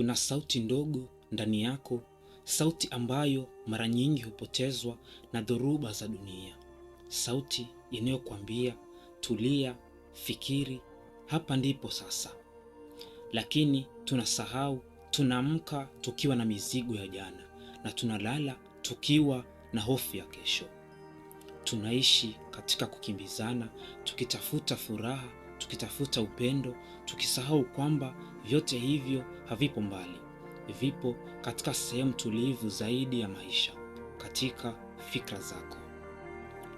kuna sauti ndogo ndani yako, sauti ambayo mara nyingi hupotezwa na dhoruba za dunia, sauti inayokuambia tulia, fikiri, hapa ndipo sasa. Lakini tunasahau, tunaamka tukiwa na mizigo ya jana na tunalala tukiwa na hofu ya kesho. Tunaishi katika kukimbizana, tukitafuta furaha, tukitafuta upendo, tukisahau kwamba vyote hivyo havipo mbali, vipo katika sehemu tulivu zaidi ya maisha, katika fikra zako.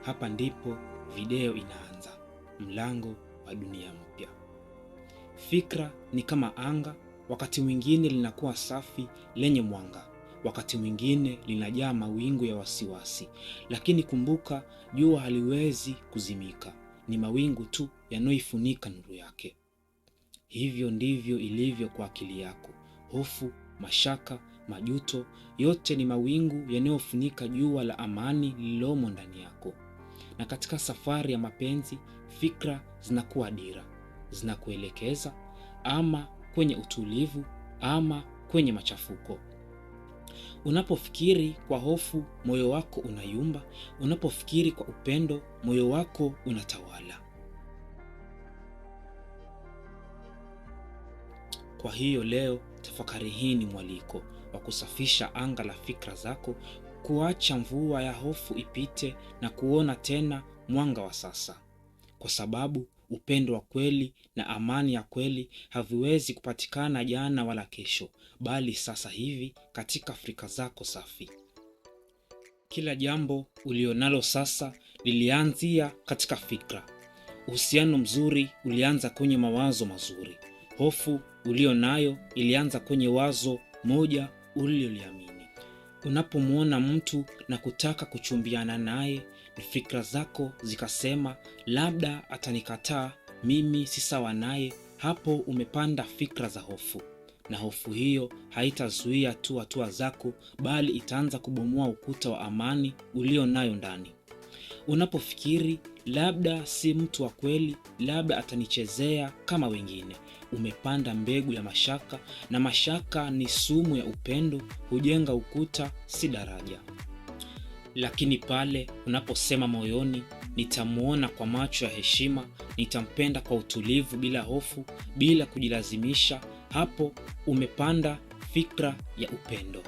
Hapa ndipo video inaanza, mlango wa dunia mpya. Fikra ni kama anga, wakati mwingine linakuwa safi lenye mwanga, wakati mwingine linajaa mawingu ya wasiwasi. Lakini kumbuka, jua haliwezi kuzimika, ni mawingu tu yanayoifunika nuru yake. Hivyo ndivyo ilivyo kwa akili yako. Hofu, mashaka, majuto, yote ni mawingu yanayofunika jua la amani lililomo ndani yako. Na katika safari ya mapenzi, fikra zinakuwa dira, zinakuelekeza ama kwenye utulivu ama kwenye machafuko. Unapofikiri kwa hofu, moyo wako unayumba. Unapofikiri kwa upendo, moyo wako unatawala. Kwa hiyo leo tafakari hii ni mwaliko wa kusafisha anga la fikra zako, kuacha mvua ya hofu ipite na kuona tena mwanga wa sasa, kwa sababu upendo wa kweli na amani ya kweli haviwezi kupatikana jana wala kesho, bali sasa hivi katika fikra zako safi. Kila jambo ulionalo sasa lilianzia katika fikra. Uhusiano mzuri ulianza kwenye mawazo mazuri. Hofu ulio nayo ilianza kwenye wazo moja uliloliamini. Unapomwona mtu na kutaka kuchumbiana naye, ni fikra zako zikasema, labda atanikataa, mimi si sawa naye. Hapo umepanda fikra za hofu, na hofu hiyo haitazuia tu hatua zako, bali itaanza kubomoa ukuta wa amani ulio nayo ndani unapofikiri labda si mtu wa kweli, labda atanichezea kama wengine, umepanda mbegu ya mashaka, na mashaka ni sumu ya upendo, hujenga ukuta, si daraja. Lakini pale unaposema moyoni, nitamwona kwa macho ya heshima, nitampenda kwa utulivu, bila hofu, bila kujilazimisha, hapo umepanda fikra ya upendo,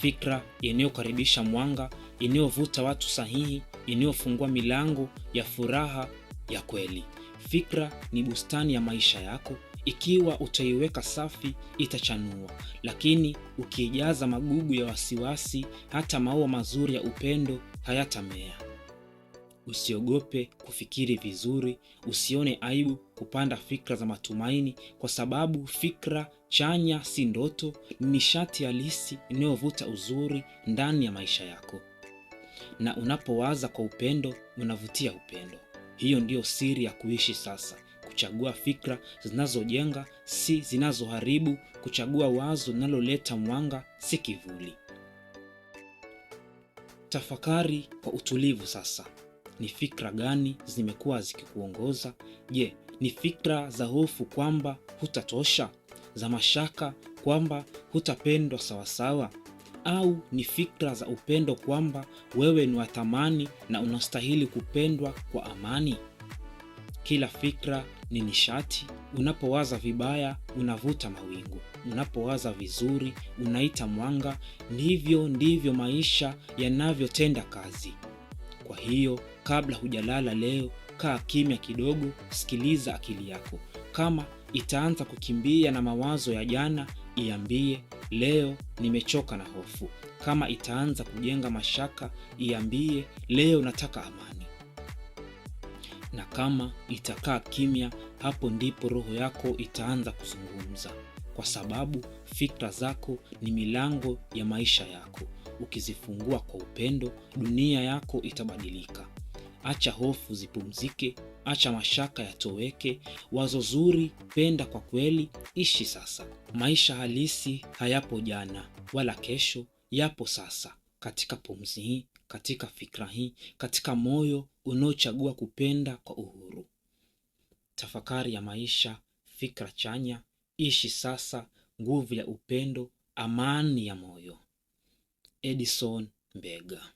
fikra inayokaribisha mwanga, inayovuta watu sahihi inayofungua milango ya furaha ya kweli. Fikra ni bustani ya maisha yako. Ikiwa utaiweka safi, itachanua, lakini ukiijaza magugu ya wasiwasi, hata maua mazuri ya upendo hayatamea. Usiogope kufikiri vizuri, usione aibu kupanda fikra za matumaini, kwa sababu fikra chanya si ndoto, ni nishati halisi inayovuta uzuri ndani ya maisha yako na unapowaza kwa upendo unavutia upendo. Hiyo ndiyo siri ya kuishi sasa, kuchagua fikra zinazojenga, si zinazoharibu, kuchagua wazo linaloleta mwanga, si kivuli. Tafakari kwa utulivu sasa. Ni fikra gani zimekuwa zikikuongoza? Je, ni fikra za hofu kwamba hutatosha, za mashaka kwamba hutapendwa sawasawa, au ni fikra za upendo kwamba wewe ni wa thamani na unastahili kupendwa kwa amani? Kila fikra ni nishati. Unapowaza vibaya, unavuta mawingu; unapowaza vizuri, unaita mwanga. Ndivyo ndivyo maisha yanavyotenda kazi. Kwa hiyo, kabla hujalala leo, kaa kimya kidogo, sikiliza akili yako. Kama itaanza kukimbia na mawazo ya jana Iambie leo nimechoka na hofu. Kama itaanza kujenga mashaka, iambie leo nataka amani. Na kama itakaa kimya, hapo ndipo roho yako itaanza kuzungumza, kwa sababu fikra zako ni milango ya maisha yako. Ukizifungua kwa upendo, dunia yako itabadilika. Acha hofu zipumzike, acha mashaka yatoweke, wazo zuri, penda kwa kweli, ishi sasa. Maisha halisi hayapo jana wala kesho, yapo sasa, katika pumzi hii, katika fikra hii, katika moyo unaochagua kupenda kwa uhuru. Tafakari ya maisha, fikra chanya, ishi sasa, nguvu ya upendo, amani ya moyo. Edison Mbega.